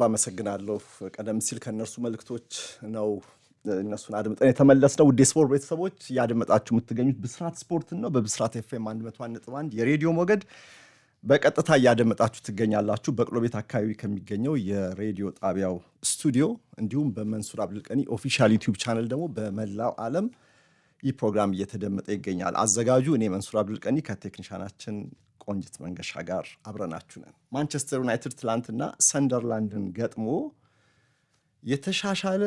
ባመሰግናለሁ። ቀደም ሲል ከእነርሱ መልእክቶች ነው እነሱን አድምጠን የተመለስነው። ውድ ስፖርት ቤተሰቦች እያደመጣችሁ የምትገኙት ብስራት ስፖርትን ነው። በብስራት ኤፍኤም 101.1 የሬዲዮ ሞገድ በቀጥታ እያደመጣችሁ ትገኛላችሁ። በቅሎ ቤት አካባቢ ከሚገኘው የሬዲዮ ጣቢያው ስቱዲዮ እንዲሁም በመንሱር አብዱልቀኒ ኦፊሻል ዩቲዩብ ቻነል ደግሞ በመላው ዓለም ይህ ፕሮግራም እየተደመጠ ይገኛል። አዘጋጁ እኔ መንሱር አብዱልቀኒ ከቴክኒሻናችን ቆንጅት መንገሻ ጋር አብረናችሁ ነን። ማንቸስተር ዩናይትድ ትላንትና ሰንደርላንድን ገጥሞ የተሻሻለ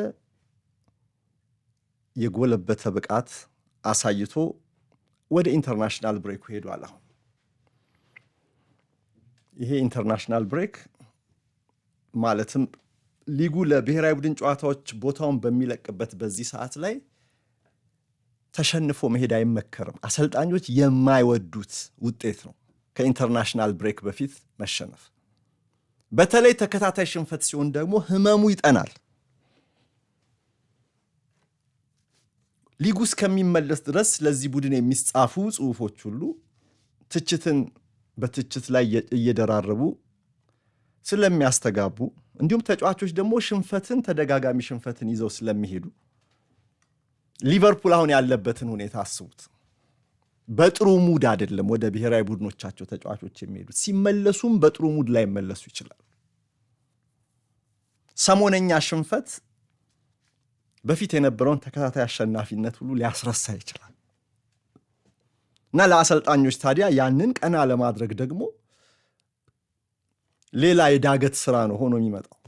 የጎለበተ ብቃት አሳይቶ ወደ ኢንተርናሽናል ብሬኩ ሄዷል። አሁን ይሄ ኢንተርናሽናል ብሬክ ማለትም ሊጉ ለብሔራዊ ቡድን ጨዋታዎች ቦታውን በሚለቅበት በዚህ ሰዓት ላይ ተሸንፎ መሄድ አይመከርም። አሰልጣኞች የማይወዱት ውጤት ነው። ከኢንተርናሽናል ብሬክ በፊት መሸነፍ። በተለይ ተከታታይ ሽንፈት ሲሆን ደግሞ ህመሙ ይጠናል። ሊጉ እስከሚመለስ ድረስ ለዚህ ቡድን የሚጻፉ ጽሁፎች ሁሉ ትችትን በትችት ላይ እየደራረቡ ስለሚያስተጋቡ እንዲሁም ተጫዋቾች ደግሞ ሽንፈትን ተደጋጋሚ ሽንፈትን ይዘው ስለሚሄዱ ሊቨርፑል አሁን ያለበትን ሁኔታ አስቡት። በጥሩ ሙድ አይደለም ወደ ብሔራዊ ቡድኖቻቸው ተጫዋቾች የሚሄዱት። ሲመለሱም በጥሩ ሙድ ላይ መለሱ ይችላል። ሰሞነኛ ሽንፈት በፊት የነበረውን ተከታታይ አሸናፊነት ሁሉ ሊያስረሳ ይችላል እና ለአሰልጣኞች ታዲያ ያንን ቀና ለማድረግ ደግሞ ሌላ የዳገት ስራ ነው ሆኖ የሚመጣው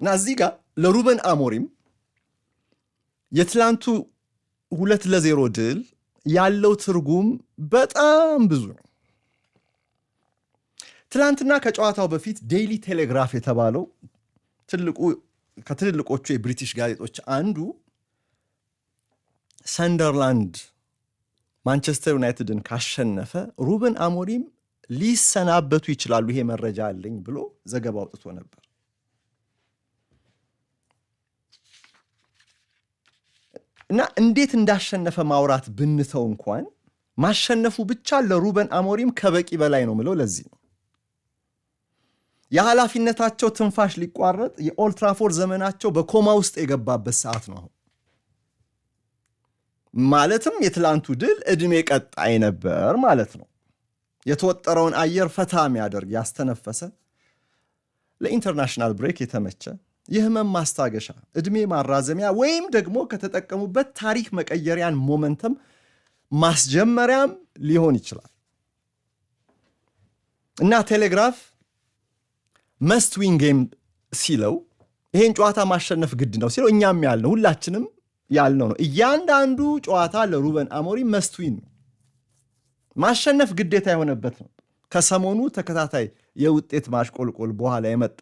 እና እዚህ ጋር ለሩበን አሞሪም የትላንቱ ሁለት ለዜሮ ድል ያለው ትርጉም በጣም ብዙ ነው። ትናንትና ከጨዋታው በፊት ዴይሊ ቴሌግራፍ የተባለው ትልቁ ከትልልቆቹ የብሪቲሽ ጋዜጦች አንዱ ሰንደርላንድ ማንቸስተር ዩናይትድን ካሸነፈ ሩበን አሞሪም ሊሰናበቱ ይችላሉ፣ ይሄ መረጃ አለኝ ብሎ ዘገባ አውጥቶ ነበር። እና እንዴት እንዳሸነፈ ማውራት ብንተው እንኳን ማሸነፉ ብቻ ለሩበን አሞሪም ከበቂ በላይ ነው ምለው። ለዚህ ነው የኃላፊነታቸው ትንፋሽ ሊቋረጥ የኦልትራፎር ዘመናቸው በኮማ ውስጥ የገባበት ሰዓት ነው ማለትም የትላንቱ ድል ዕድሜ ቀጣይ ነበር ማለት ነው። የተወጠረውን አየር ፈታ የሚያደርግ ያስተነፈሰ፣ ለኢንተርናሽናል ብሬክ የተመቸ የህመም ማስታገሻ፣ እድሜ ማራዘሚያ ወይም ደግሞ ከተጠቀሙበት ታሪክ መቀየሪያን ሞመንተም ማስጀመሪያም ሊሆን ይችላል እና ቴሌግራፍ መስት ዊን ጌም ሲለው ይሄን ጨዋታ ማሸነፍ ግድ ነው ሲለው እኛም ያልነው ሁላችንም ያልነው ነው። እያንዳንዱ ጨዋታ ለሩበን አሞሪ መስት ዊን ነው፣ ማሸነፍ ግዴታ የሆነበት ነው። ከሰሞኑ ተከታታይ የውጤት ማሽቆልቆል በኋላ የመጣ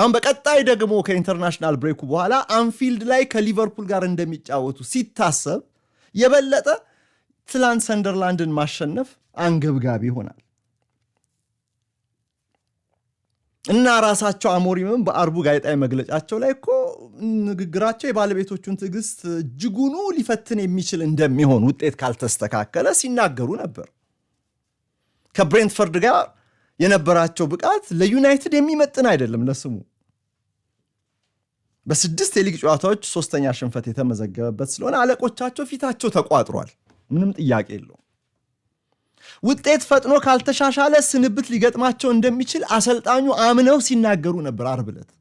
አሁን በቀጣይ ደግሞ ከኢንተርናሽናል ብሬኩ በኋላ አንፊልድ ላይ ከሊቨርፑል ጋር እንደሚጫወቱ ሲታሰብ የበለጠ ትላንት ሰንደርላንድን ማሸነፍ አንገብጋቢ ይሆናል እና ራሳቸው አሞሪምም በአርቡ ጋዜጣዊ መግለጫቸው ላይ እኮ ንግግራቸው የባለቤቶቹን ትዕግስት እጅጉኑ ሊፈትን የሚችል እንደሚሆን ውጤት ካልተስተካከለ ሲናገሩ ነበር። ከብሬንትፈርድ ጋር የነበራቸው ብቃት ለዩናይትድ የሚመጥን አይደለም ለስሙ። በስድስት የሊግ ጨዋታዎች ሶስተኛ ሽንፈት የተመዘገበበት ስለሆነ አለቆቻቸው ፊታቸው ተቋጥሯል። ምንም ጥያቄ የለውም። ውጤት ፈጥኖ ካልተሻሻለ ስንብት ሊገጥማቸው እንደሚችል አሰልጣኙ አምነው ሲናገሩ ነበር። አርብለት ዕለት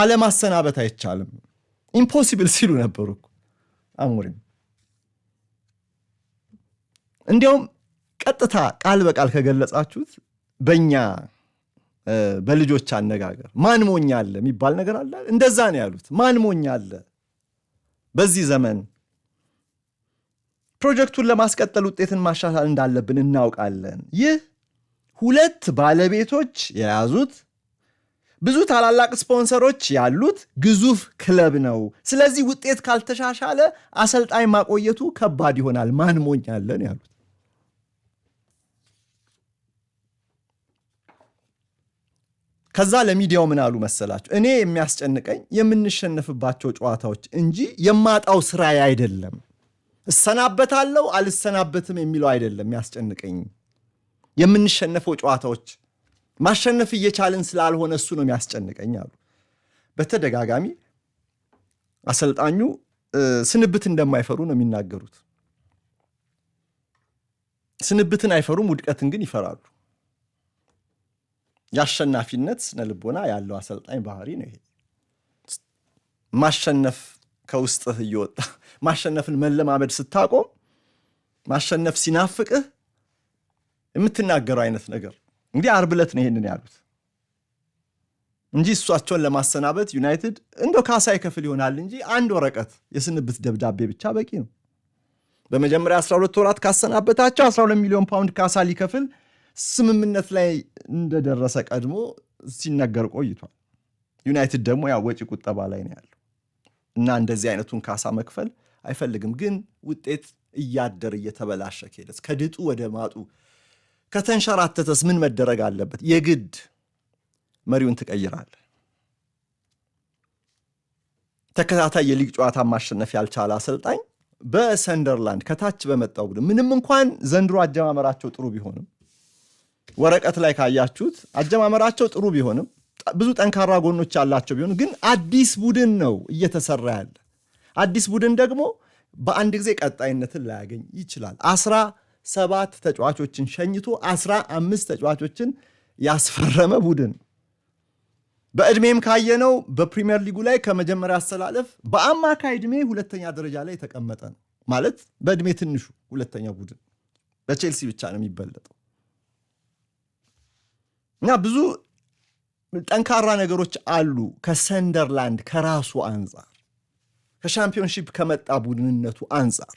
አለማሰናበት አይቻልም ኢምፖሲብል ሲሉ ነበሩ አሞሪም። እንዲያውም ቀጥታ ቃል በቃል ከገለጻችሁት በእኛ በልጆች አነጋገር ማን ሞኝ አለ የሚባል ነገር አለ። እንደዛ ነው ያሉት። ማን ሞኝ አለ በዚህ ዘመን ፕሮጀክቱን ለማስቀጠል ውጤትን ማሻሻል እንዳለብን እናውቃለን። ይህ ሁለት ባለቤቶች የያዙት ብዙ ታላላቅ ስፖንሰሮች ያሉት ግዙፍ ክለብ ነው። ስለዚህ ውጤት ካልተሻሻለ አሰልጣኝ ማቆየቱ ከባድ ይሆናል። ማን ሞኝ አለን ያሉት ከዛ ለሚዲያው ምን አሉ መሰላችሁ? እኔ የሚያስጨንቀኝ የምንሸነፍባቸው ጨዋታዎች እንጂ የማጣው ስራ አይደለም። እሰናበታለሁ አልሰናበትም የሚለው አይደለም የሚያስጨንቀኝ፣ የምንሸነፈው ጨዋታዎች ማሸነፍ እየቻልን ስላልሆነ እሱ ነው የሚያስጨንቀኝ አሉ። በተደጋጋሚ አሰልጣኙ ስንብት እንደማይፈሩ ነው የሚናገሩት። ስንብትን አይፈሩም፣ ውድቀትን ግን ይፈራሉ። የአሸናፊነት ስነ ልቦና ያለው አሰልጣኝ ባህሪ ነው ይሄ። ማሸነፍ ከውስጥህ እየወጣ ማሸነፍን መለማመድ ስታቆም ማሸነፍ ሲናፍቅህ የምትናገረው አይነት ነገር እንግዲህ አርብለት ነው ይሄንን ያሉት እንጂ እሷቸውን ለማሰናበት ዩናይትድ እንደ ካሳ ክፍል ይሆናል እንጂ አንድ ወረቀት የስንብት ደብዳቤ ብቻ በቂ ነው። በመጀመሪያ 12 ወራት ካሰናበታቸው 12 ሚሊዮን ፓውንድ ካሳ ሊከፍል ስምምነት ላይ እንደደረሰ ቀድሞ ሲነገር ቆይቷል። ዩናይትድ ደግሞ ያ ወጪ ቁጠባ ላይ ነው ያለው እና እንደዚህ አይነቱን ካሳ መክፈል አይፈልግም። ግን ውጤት እያደር እየተበላሸ ከሄደስ ከድጡ ወደ ማጡ ከተንሸራተተስ ምን መደረግ አለበት? የግድ መሪውን ትቀይራለ ተከታታይ የሊግ ጨዋታ ማሸነፍ ያልቻለ አሰልጣኝ በሰንደርላንድ ከታች በመጣው ቡድን ምንም እንኳን ዘንድሮ አጀማመራቸው ጥሩ ቢሆንም ወረቀት ላይ ካያችሁት አጀማመራቸው ጥሩ ቢሆንም ብዙ ጠንካራ ጎኖች ያላቸው ቢሆኑ ግን አዲስ ቡድን ነው እየተሰራ ያለ። አዲስ ቡድን ደግሞ በአንድ ጊዜ ቀጣይነትን ላያገኝ ይችላል። አስራ ሰባት ተጫዋቾችን ሸኝቶ አስራ አምስት ተጫዋቾችን ያስፈረመ ቡድን በዕድሜም ካየነው በፕሪሚየር ሊጉ ላይ ከመጀመሪያ አሰላለፍ በአማካይ ዕድሜ ሁለተኛ ደረጃ ላይ የተቀመጠ ነው ማለት በዕድሜ ትንሹ ሁለተኛ ቡድን በቼልሲ ብቻ ነው የሚበለጠው። እና ብዙ ጠንካራ ነገሮች አሉ ከሰንደርላንድ ከራሱ አንጻር ከሻምፒዮንሺፕ ከመጣ ቡድንነቱ አንጻር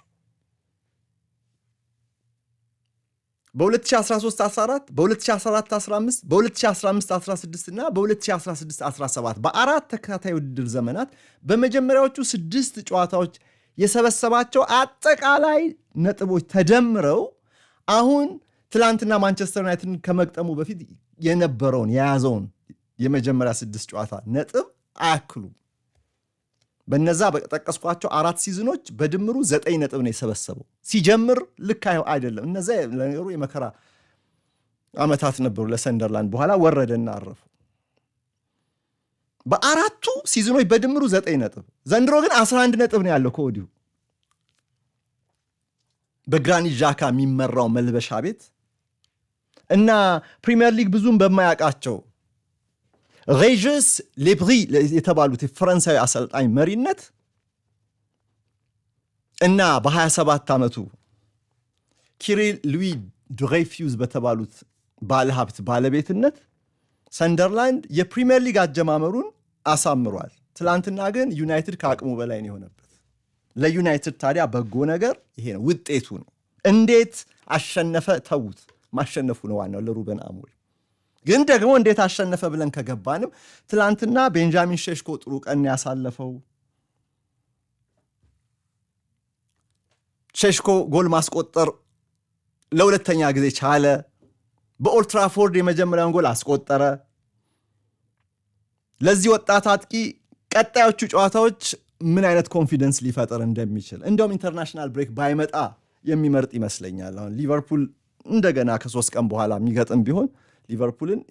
በ201314 በ201415 በ201516 እና በ201617 በአራት ተከታታይ ውድድር ዘመናት በመጀመሪያዎቹ ስድስት ጨዋታዎች የሰበሰባቸው አጠቃላይ ነጥቦች ተደምረው አሁን ትላንትና ማንቸስተር ዩናይትድን ከመግጠሙ በፊት የነበረውን የያዘውን የመጀመሪያ ስድስት ጨዋታ ነጥብ አያክሉም። በነዛ በጠቀስኳቸው አራት ሲዝኖች በድምሩ ዘጠኝ ነጥብ ነው የሰበሰበው። ሲጀምር ልክ አይደለም። እነዛ ለነገሩ የመከራ ዓመታት ነበሩ ለሰንደርላንድ። በኋላ ወረደና አረፉ። በአራቱ ሲዝኖች በድምሩ ዘጠኝ ነጥብ፣ ዘንድሮ ግን 11 ነጥብ ነው ያለው ከወዲሁ በግራኒት ዣካ የሚመራው መልበሻ ቤት እና ፕሪምየር ሊግ ብዙም በማያውቃቸው ሬዥስ ሌብሪ የተባሉት የፈረንሳዊ አሰልጣኝ መሪነት እና በ27 ዓመቱ ኪሪል ሉዊ ድሬፊውዝ በተባሉት ባለሀብት ባለቤትነት ሰንደርላንድ የፕሪምየር ሊግ አጀማመሩን አሳምሯል። ትላንትና ግን ዩናይትድ ከአቅሙ በላይ ነው የሆነበት። ለዩናይትድ ታዲያ በጎ ነገር ይሄ ነው፣ ውጤቱ ነው። እንዴት አሸነፈ? ተዉት። ማሸነፉ ነው ዋናው ለሩበን አሞሪ። ግን ደግሞ እንዴት አሸነፈ ብለን ከገባንም ትላንትና ቤንጃሚን ሸሽኮ ጥሩ ቀን ያሳለፈው ሸሽኮ ጎል ማስቆጠር ለሁለተኛ ጊዜ ቻለ። በኦልትራፎርድ የመጀመሪያውን ጎል አስቆጠረ። ለዚህ ወጣት አጥቂ ቀጣዮቹ ጨዋታዎች ምን አይነት ኮንፊደንስ ሊፈጥር እንደሚችል እንዲሁም ኢንተርናሽናል ብሬክ ባይመጣ የሚመርጥ ይመስለኛል። አሁን ሊቨርፑል እንደገና ከሶስት ቀን በኋላ የሚገጥም ቢሆን ሊቨርፑልን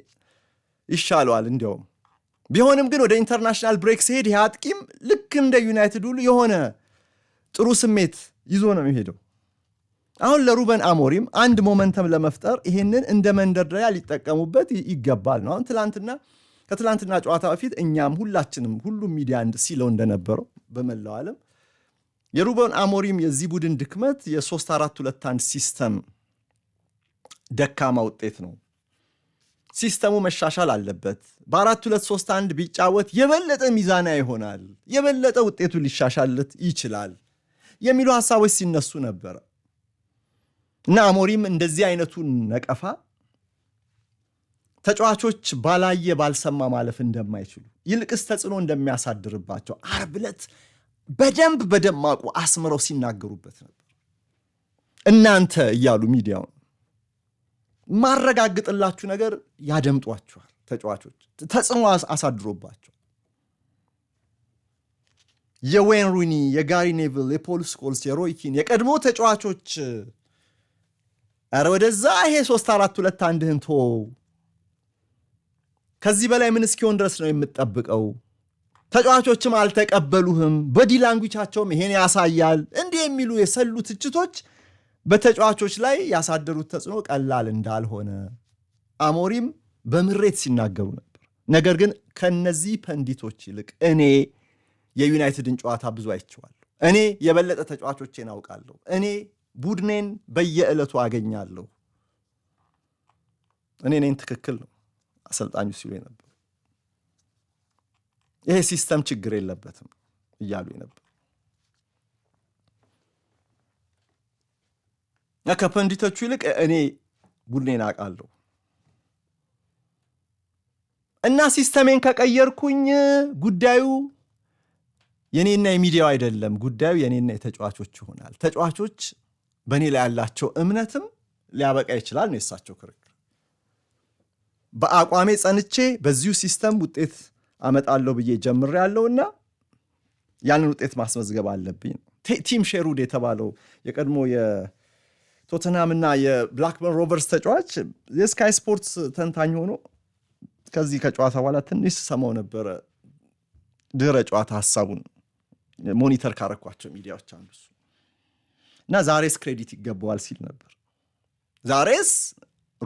ይሻለዋል። እንዲያውም ቢሆንም ግን ወደ ኢንተርናሽናል ብሬክ ሲሄድ ይህ አጥቂም ልክ እንደ ዩናይትድ ሁሉ የሆነ ጥሩ ስሜት ይዞ ነው የሚሄደው። አሁን ለሩበን አሞሪም አንድ ሞመንተም ለመፍጠር ይሄንን እንደ መንደርደሪያ ሊጠቀሙበት ይገባል ነው። አሁን ትላንትና ከትላንትና ጨዋታ በፊት እኛም ሁላችንም ሁሉም ሚዲያ ሲለው እንደነበረው በመላው ዓለም የሩበን አሞሪም የዚህ ቡድን ድክመት የሶስት አራት ሁለት አንድ ሲስተም ደካማ ውጤት ነው። ሲስተሙ መሻሻል አለበት። በአራት ሁለት ሶስት አንድ ቢጫወት የበለጠ ሚዛና ይሆናል፣ የበለጠ ውጤቱ ሊሻሻልት ይችላል የሚሉ ሀሳቦች ሲነሱ ነበረ እና አሞሪም እንደዚህ አይነቱን ነቀፋ ተጫዋቾች ባላየ ባልሰማ ማለፍ እንደማይችሉ ይልቅስ ተጽዕኖ እንደሚያሳድርባቸው ዓርብ ዕለት በደንብ በደማቁ አስምረው ሲናገሩበት ነበር። እናንተ እያሉ ሚዲያውን ማረጋግጥላችሁ ነገር ያደምጧችኋል። ተጫዋቾች ተጽዕኖ አሳድሮባቸው የዌን ሩኒ፣ የጋሪ ኔቭል፣ የፖል ስኮልስ፣ የሮይኪን የቀድሞ ተጫዋቾች ረ ወደዛ ይሄ ሶስት አራት ሁለት አንድህን ቶ ከዚህ በላይ ምን እስኪሆን ድረስ ነው የምጠብቀው? ተጫዋቾችም አልተቀበሉህም፣ በዲ ላንጉቻቸውም ይሄን ያሳያል። እንዲህ የሚሉ የሰሉ ትችቶች በተጫዋቾች ላይ ያሳደሩት ተጽዕኖ ቀላል እንዳልሆነ አሞሪም በምሬት ሲናገሩ ነበር። ነገር ግን ከነዚህ ፐንዲቶች ይልቅ እኔ የዩናይትድን ጨዋታ ብዙ አይቼዋለሁ። እኔ የበለጠ ተጫዋቾቼን አውቃለሁ። እኔ ቡድኔን በየዕለቱ አገኛለሁ። እኔ እኔን ትክክል ነው አሰልጣኙ ሲሉ የነበሩ ይሄ ሲስተም ችግር የለበትም እያሉ የነበሩ ከፐንዲቶቹ ይልቅ እኔ ቡድኔን አውቃለሁ እና ሲስተሜን ከቀየርኩኝ ጉዳዩ የኔና የሚዲያው አይደለም። ጉዳዩ የኔና የተጫዋቾች ይሆናል። ተጫዋቾች በእኔ ላይ ያላቸው እምነትም ሊያበቃ ይችላል ነው የሳቸው ክርክር። በአቋሜ ጸንቼ በዚሁ ሲስተም ውጤት አመጣለሁ ብዬ ያለው ያለውና ያንን ውጤት ማስመዝገብ አለብኝ። ቲም ሼሩድ የተባለው የቀድሞ ቶተንሃምና የብላክበርን ሮቨርስ ተጫዋች የስካይ ስፖርትስ ተንታኝ ሆኖ ከዚህ ከጨዋታ በኋላ ትንሽ ሰማው ነበረ። ድረ ጨዋታ ሀሳቡን ሞኒተር ካረኳቸው ሚዲያዎች አንዱ እና ዛሬስ ክሬዲት ይገባዋል ሲል ነበር። ዛሬስ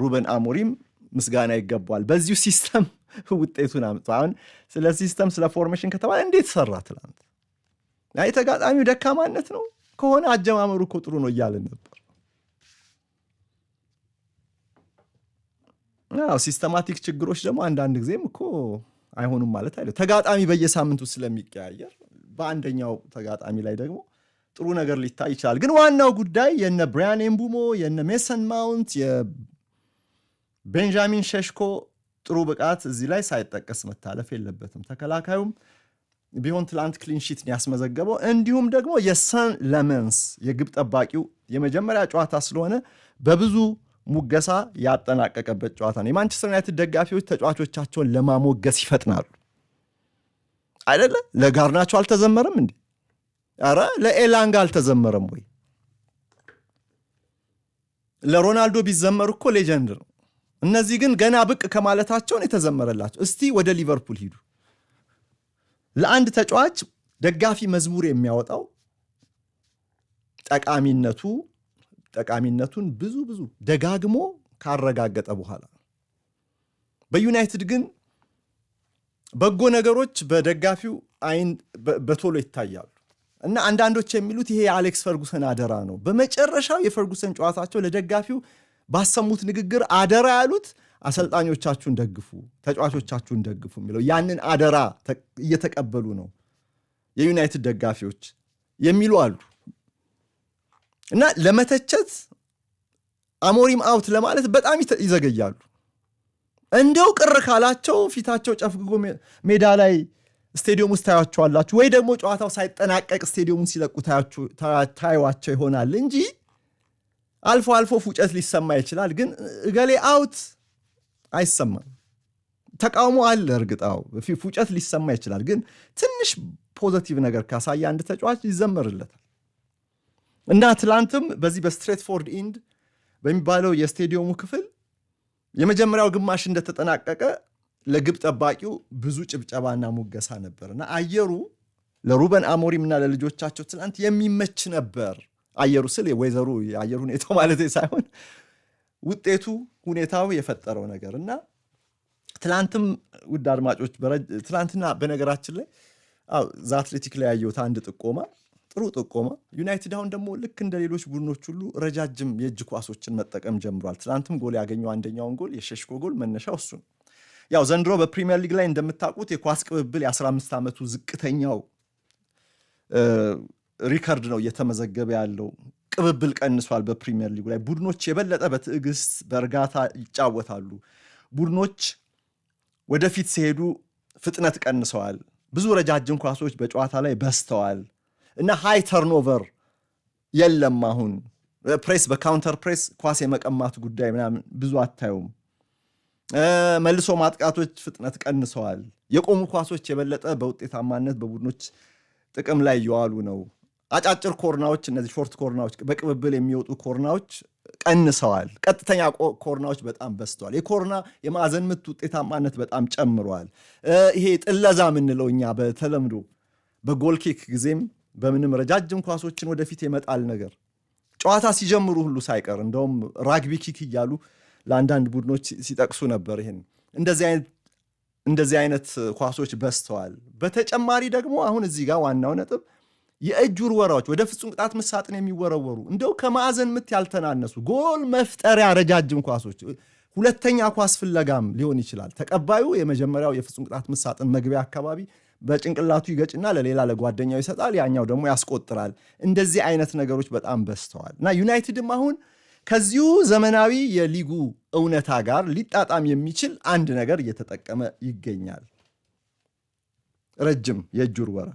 ሩበን አሞሪም ምስጋና ይገባዋል፣ በዚሁ ሲስተም ውጤቱን አምጡ። አሁን ስለ ሲስተም ስለ ፎርሜሽን ከተባለ እንዴት ሰራ ትላንት የተጋጣሚው ደካማነት ነው ከሆነ አጀማመሩ እኮ ጥሩ ነው እያለን ነበር። ሲስተማቲክ ችግሮች ደግሞ አንዳንድ ጊዜም እኮ አይሆኑም ማለት አይደለም። ተጋጣሚ በየሳምንቱ ስለሚቀያየር በአንደኛው ተጋጣሚ ላይ ደግሞ ጥሩ ነገር ሊታይ ይችላል። ግን ዋናው ጉዳይ የነ ብሪያን ኤምቡሞ፣ የነ ሜሰን ማውንት፣ የቤንጃሚን ሸሽኮ ጥሩ ብቃት እዚህ ላይ ሳይጠቀስ መታለፍ የለበትም። ተከላካዩም ቢሆን ትላንት ክሊንሺት ያስመዘገበው እንዲሁም ደግሞ የሰን ለመንስ የግብ ጠባቂው የመጀመሪያ ጨዋታ ስለሆነ በብዙ ሙገሳ ያጠናቀቀበት ጨዋታ ነው። የማንቸስተር ዩናይትድ ደጋፊዎች ተጫዋቾቻቸውን ለማሞገስ ይፈጥናሉ አይደለ? ለጋርናቸው አልተዘመረም እንዴ? ኧረ ለኤላንጋ አልተዘመረም ወይ? ለሮናልዶ ቢዘመር እኮ ሌጀንድ ነው። እነዚህ ግን ገና ብቅ ከማለታቸውን የተዘመረላቸው። እስቲ ወደ ሊቨርፑል ሂዱ። ለአንድ ተጫዋች ደጋፊ መዝሙር የሚያወጣው ጠቃሚነቱ ጠቃሚነቱን ብዙ ብዙ ደጋግሞ ካረጋገጠ በኋላ በዩናይትድ ግን በጎ ነገሮች በደጋፊው አይን በቶሎ ይታያሉ እና አንዳንዶች የሚሉት ይሄ የአሌክስ ፈርጉሰን አደራ ነው። በመጨረሻው የፈርጉሰን ጨዋታቸው ለደጋፊው ባሰሙት ንግግር አደራ ያሉት አሰልጣኞቻችሁን ደግፉ፣ ተጫዋቾቻችሁን ደግፉ የሚለው ያንን አደራ እየተቀበሉ ነው የዩናይትድ ደጋፊዎች የሚሉ አሉ። እና ለመተቸት አሞሪም አውት ለማለት በጣም ይዘገያሉ። እንደው ቅር ካላቸው ፊታቸው ጨፍግጎ ሜዳ ላይ ስቴዲየም ውስጥ ታያቸዋላችሁ፣ ወይ ደግሞ ጨዋታው ሳይጠናቀቅ ስቴዲየሙን ሲለቁ ታዩቸው ይሆናል እንጂ አልፎ አልፎ ፉጨት ሊሰማ ይችላል። ግን እገሌ አውት አይሰማም። ተቃውሞ አለ እርግጣው ፉጨት ሊሰማ ይችላል። ግን ትንሽ ፖዘቲቭ ነገር ካሳየ አንድ ተጫዋች ይዘመርለታል። እና ትላንትም በዚህ በስትሬትፎርድ ኢንድ በሚባለው የስቴዲየሙ ክፍል የመጀመሪያው ግማሽ እንደተጠናቀቀ ለግብ ጠባቂው ብዙ ጭብጨባና ሙገሳ ነበር እና አየሩ ለሩበን አሞሪም እና ለልጆቻቸው ትላንት የሚመች ነበር። አየሩ ስል ወይዘሩ የአየር ሁኔታው ማለት ሳይሆን ውጤቱ፣ ሁኔታው የፈጠረው ነገር እና ትላንትም ውድ አድማጮች ትላንትና በነገራችን ላይ ዛ አትሌቲክ ላይ ያየሁት አንድ ጥቆማ ጥሩ ጥቆማ። ዩናይትድ አሁን ደግሞ ልክ እንደ ሌሎች ቡድኖች ሁሉ ረጃጅም የእጅ ኳሶችን መጠቀም ጀምሯል። ትናንትም ጎል ያገኘው አንደኛውን ጎል የሸሽኮ ጎል መነሻው እሱ ነው። ያው ዘንድሮ በፕሪሚየር ሊግ ላይ እንደምታውቁት የኳስ ቅብብል የ15 ዓመቱ ዝቅተኛው ሪከርድ ነው እየተመዘገበ ያለው። ቅብብል ቀንሷል። በፕሪሚየር ሊጉ ላይ ቡድኖች የበለጠ በትዕግስት በእርጋታ ይጫወታሉ። ቡድኖች ወደፊት ሲሄዱ ፍጥነት ቀንሰዋል። ብዙ ረጃጅም ኳሶች በጨዋታ ላይ በዝተዋል። እና ሃይ ተርኖቨር የለም። አሁን ፕሬስ በካውንተር ፕሬስ ኳስ የመቀማት ጉዳይ ምናምን ብዙ አታዩም። መልሶ ማጥቃቶች ፍጥነት ቀንሰዋል። የቆሙ ኳሶች የበለጠ በውጤታማነት በቡድኖች ጥቅም ላይ እየዋሉ ነው። አጫጭር ኮርናዎች፣ እነዚህ ሾርት ኮርናዎች፣ በቅብብል የሚወጡ ኮርናዎች ቀንሰዋል። ቀጥተኛ ኮርናዎች በጣም በስተዋል። የኮርና የማዕዘን ምት ውጤታማነት በጣም ጨምሯል። ይሄ ጥለዛ የምንለው እኛ በተለምዶ በጎልኬክ ጊዜም በምንም ረጃጅም ኳሶችን ወደፊት የመጣል ነገር ጨዋታ ሲጀምሩ ሁሉ ሳይቀር እንደውም ራግቢ ኪክ እያሉ ለአንዳንድ ቡድኖች ሲጠቅሱ ነበር። ይህን እንደዚህ አይነት ኳሶች በዝተዋል። በተጨማሪ ደግሞ አሁን እዚህ ጋር ዋናው ነጥብ የእጅ ውርወራዎች ወደ ፍጹም ቅጣት ምት ሳጥን የሚወረወሩ እንደው ከማዕዘን ምት ያልተናነሱ ጎል መፍጠሪያ ረጃጅም ኳሶች ሁለተኛ ኳስ ፍለጋም ሊሆን ይችላል። ተቀባዩ የመጀመሪያው የፍጹም ቅጣት ምት ሳጥን መግቢያ አካባቢ በጭንቅላቱ ይገጭና ለሌላ ለጓደኛው ይሰጣል፣ ያኛው ደግሞ ያስቆጥራል። እንደዚህ አይነት ነገሮች በጣም በዝተዋል እና ዩናይትድም አሁን ከዚሁ ዘመናዊ የሊጉ እውነታ ጋር ሊጣጣም የሚችል አንድ ነገር እየተጠቀመ ይገኛል። ረጅም የእጅ ውርወራ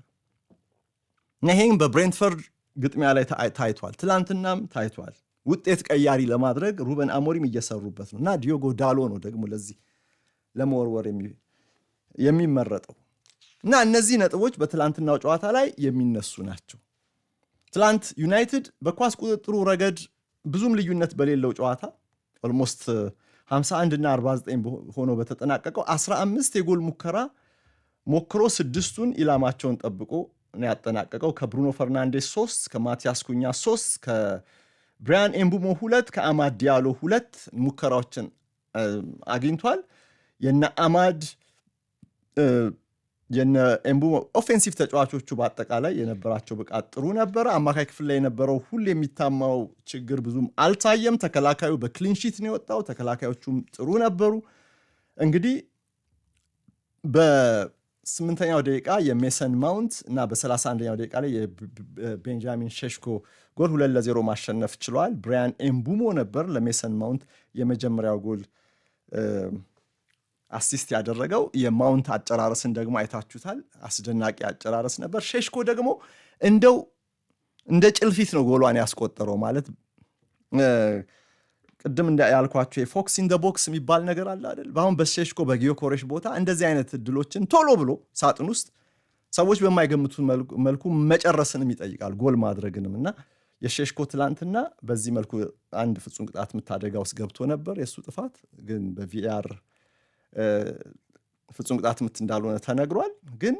ይሄም በብሬንትፈርድ ግጥሚያ ላይ ታይቷል፣ ትላንትናም ታይቷል። ውጤት ቀያሪ ለማድረግ ሩበን አሞሪም እየሰሩበት ነው እና ዲዮጎ ዳሎ ነው ደግሞ ለዚህ ለመወርወር የሚመረጠው። እና እነዚህ ነጥቦች በትላንትናው ጨዋታ ላይ የሚነሱ ናቸው። ትላንት ዩናይትድ በኳስ ቁጥጥሩ ረገድ ብዙም ልዩነት በሌለው ጨዋታ ኦልሞስት 51 እና 49 ሆኖ በተጠናቀቀው 15 የጎል ሙከራ ሞክሮ ስድስቱን ኢላማቸውን ጠብቆ ነው ያጠናቀቀው። ከብሩኖ ፈርናንዴስ 3፣ ከማቲያስ ኩኛ 3፣ ከብሪያን ኤምቡሞ 2 ከአማድ ዲያሎ ሁለት ሙከራዎችን አግኝቷል። የነ አማድ የነ ኦፌንሲቭ ተጫዋቾቹ በአጠቃላይ የነበራቸው ብቃት ጥሩ ነበረ። አማካይ ክፍል ላይ የነበረው ሁሉ የሚታማው ችግር ብዙም አልታየም። ተከላካዩ በክሊንሺት ነው የወጣው። ተከላካዮቹም ጥሩ ነበሩ። እንግዲህ በስምንተኛው ደቂቃ የሜሰን ማውንት እና በሰላሳ አንደኛው ደቂቃ ላይ የቤንጃሚን ሸሽኮ ጎል ሁለት ለዜሮ ማሸነፍ ችሏል። ብራያን ኤምቡሞ ነበር ለሜሰን ማውንት የመጀመሪያው ጎል አሲስት ያደረገው የማውንት አጨራረስን ደግሞ አይታችሁታል። አስደናቂ አጨራረስ ነበር። ሼሽኮ ደግሞ እንደው እንደ ጭልፊት ነው ጎሏን ያስቆጠረው። ማለት ቅድም ያልኳቸው የፎክስ ኢን ደ ቦክስ የሚባል ነገር አለ አይደል? በአሁን በሼሽኮ በጊዮኮሬሽ ቦታ እንደዚህ አይነት እድሎችን ቶሎ ብሎ ሳጥን ውስጥ ሰዎች በማይገምቱት መልኩ መጨረስንም ይጠይቃል ጎል ማድረግንም እና የሼሽኮ ትላንትና በዚህ መልኩ አንድ ፍጹም ቅጣት የምታደጋ ውስጥ ገብቶ ነበር። የእሱ ጥፋት ግን በቪአር ፍጹም ቅጣት ምት እንዳልሆነ ተነግሯል። ግን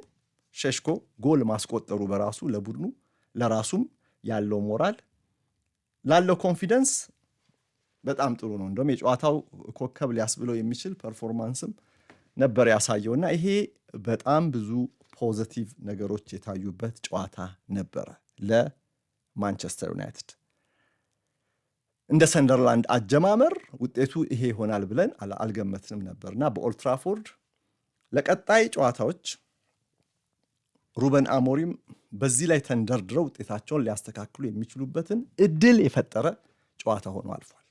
ሸሽኮ ጎል ማስቆጠሩ በራሱ ለቡድኑ ለራሱም ያለው ሞራል ላለው ኮንፊደንስ በጣም ጥሩ ነው። እንደውም የጨዋታው ኮከብ ሊያስብለው የሚችል ፐርፎርማንስም ነበር ያሳየው እና ይሄ በጣም ብዙ ፖዘቲቭ ነገሮች የታዩበት ጨዋታ ነበረ ለማንቸስተር ዩናይትድ። እንደ ሰንደርላንድ አጀማመር ውጤቱ ይሄ ይሆናል ብለን አልገመትንም ነበር እና በኦልትራፎርድ ለቀጣይ ጨዋታዎች ሩበን አሞሪም በዚህ ላይ ተንደርድረው ውጤታቸውን ሊያስተካክሉ የሚችሉበትን እድል የፈጠረ ጨዋታ ሆኖ አልፏል።